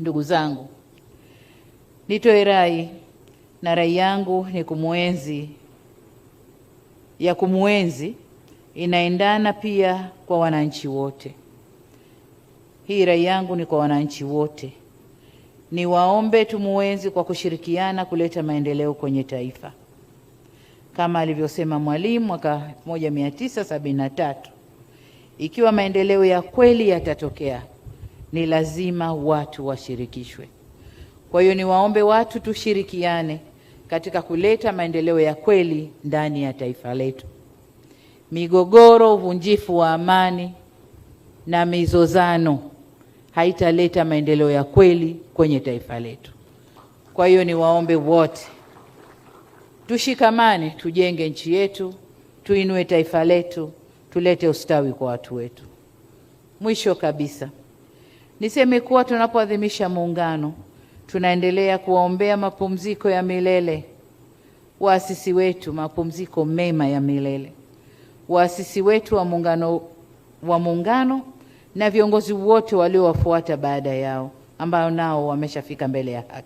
Ndugu zangu, nitoe rai na rai yangu ni kumwenzi ya kumwenzi inaendana pia kwa wananchi wote. Hii rai yangu ni kwa wananchi wote, niwaombe tumuenzi kwa kushirikiana kuleta maendeleo kwenye taifa kama alivyosema Mwalimu mwaka 1973 ikiwa maendeleo ya kweli yatatokea ni lazima watu washirikishwe. Kwa hiyo niwaombe watu tushirikiane katika kuleta maendeleo ya kweli ndani ya taifa letu. Migogoro, uvunjifu wa amani na mizozano haitaleta maendeleo ya kweli kwenye taifa letu. Kwa hiyo niwaombe wote tushikamane, tujenge nchi yetu, tuinue taifa letu, tulete ustawi kwa watu wetu. Mwisho kabisa Niseme kuwa tunapoadhimisha Muungano, tunaendelea kuwaombea mapumziko ya milele waasisi wetu, mapumziko mema ya milele waasisi wetu wa muungano, wa muungano na viongozi wote waliowafuata baada yao ambao nao wameshafika mbele ya haki.